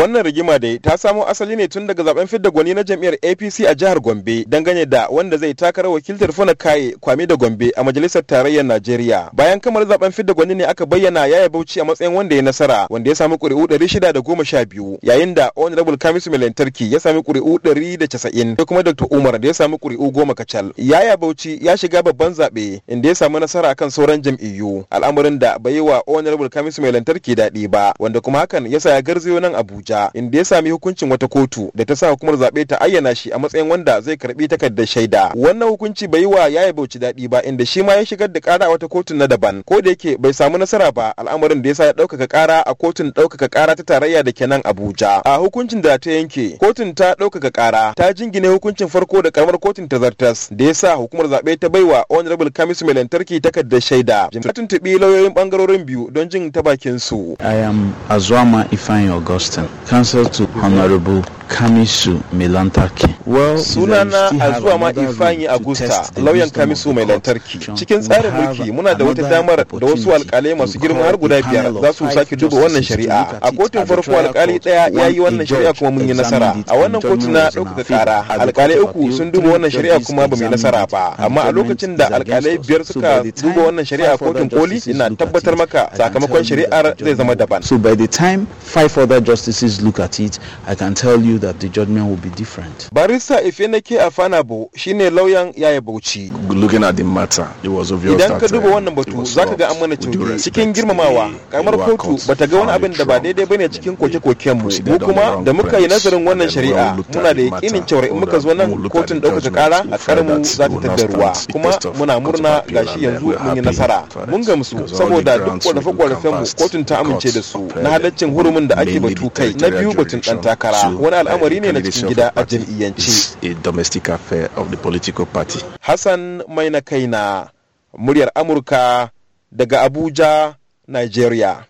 wannan rigima dai ta samo asali ne tun daga zaben fidda gwani na jam'iyyar apc a jihar gombe dangane da wanda zai takara wakiltar fana kaye kwame da gombe a majalisar tarayyar najeriya bayan kamar zaben fidda gwani ne aka bayyana yaya bauchi a matsayin wanda ya nasara wanda ya sami ƙuri'u ɗari shida da goma sha biyu yayin da honorable kamisu mai lantarki ya sami ƙuri'u ɗari da casa'in da kuma dr umar da ya sami ƙuri'u goma kacal yaya bauchi ya shiga babban zaɓe inda ya sami nasara akan sauran jam'iyyu al'amarin da bai yi wa honorable kamisu mai lantarki daɗi ba wanda kuma hakan ya sa ya garzayo nan abuja Abuja inda ya sami hukuncin wata kotu da ta sa hukumar zaɓe ta ayyana shi a matsayin wanda zai karɓi takardar shaida. Wannan hukunci bai yi wa yaya Bauchi daɗi ba inda shi ma ya shigar da ƙara a wata kotun na daban ko da yake bai samu nasara ba al'amarin da ya sa ya ɗaukaka ƙara a kotun ɗaukaka ƙara ta tarayya da kenan Abuja. A hukuncin da ta yanke kotun ta ɗaukaka ƙara ta jingine hukuncin farko da karamar kotun ta zartas da ya sa hukumar zaɓe ta baiwa honorable Kamis mai lantarki takardar shaida. Jimta tuntuɓi lauyoyin ɓangarorin biyu don jin ta bakin su. I am Azwama Ifeanyi Augustine. counsel to Honorable Kamisu mai lantarki. sunana a zuwa ma a Agusta, lauyan Kamisu mai lantarki. Cikin tsarin mulki muna da wata damar da wasu alkalai masu girma har guda biyar za su sake duba wannan shari'a. A kotun farko alkali daya ya yi wannan shari'a kuma mun yi nasara. A wannan kotu na ɗaukaka kara, alkalai uku sun duba wannan shari'a kuma ba mai nasara ba. Amma a lokacin da alkalai biyar suka duba wannan shari'a kotun koli, ina tabbatar maka sakamakon shari'ar zai zama daban. So by the time five other justices look at it, I can tell you that the judgment will be different. Barista Ifeneke Afanabo shine lauyan yaya Bauchi. Looking at the matter, it was obvious Idan ka duba uh, wannan batu zaka ga an mana cutu cikin girmamawa kamar kotu bata ga wani abin da ba daidai bane cikin koke-koken mu. Mu kuma da muka yi nazarin wannan shari'a muna da yakinin cewa in muka zo nan kotun ta kara a karmu za ta tattaruwa kuma muna murna gashi yanzu mun yi nasara. Mun gamsu saboda duk korafe kwarafen mu kotun ta amince da su na halaccin hurumin da ake batu kai na biyu batun ɗan takara wani al'amari ne na cikin gida a jam'iyyance hassan mai na na muryar amurka daga abuja nigeria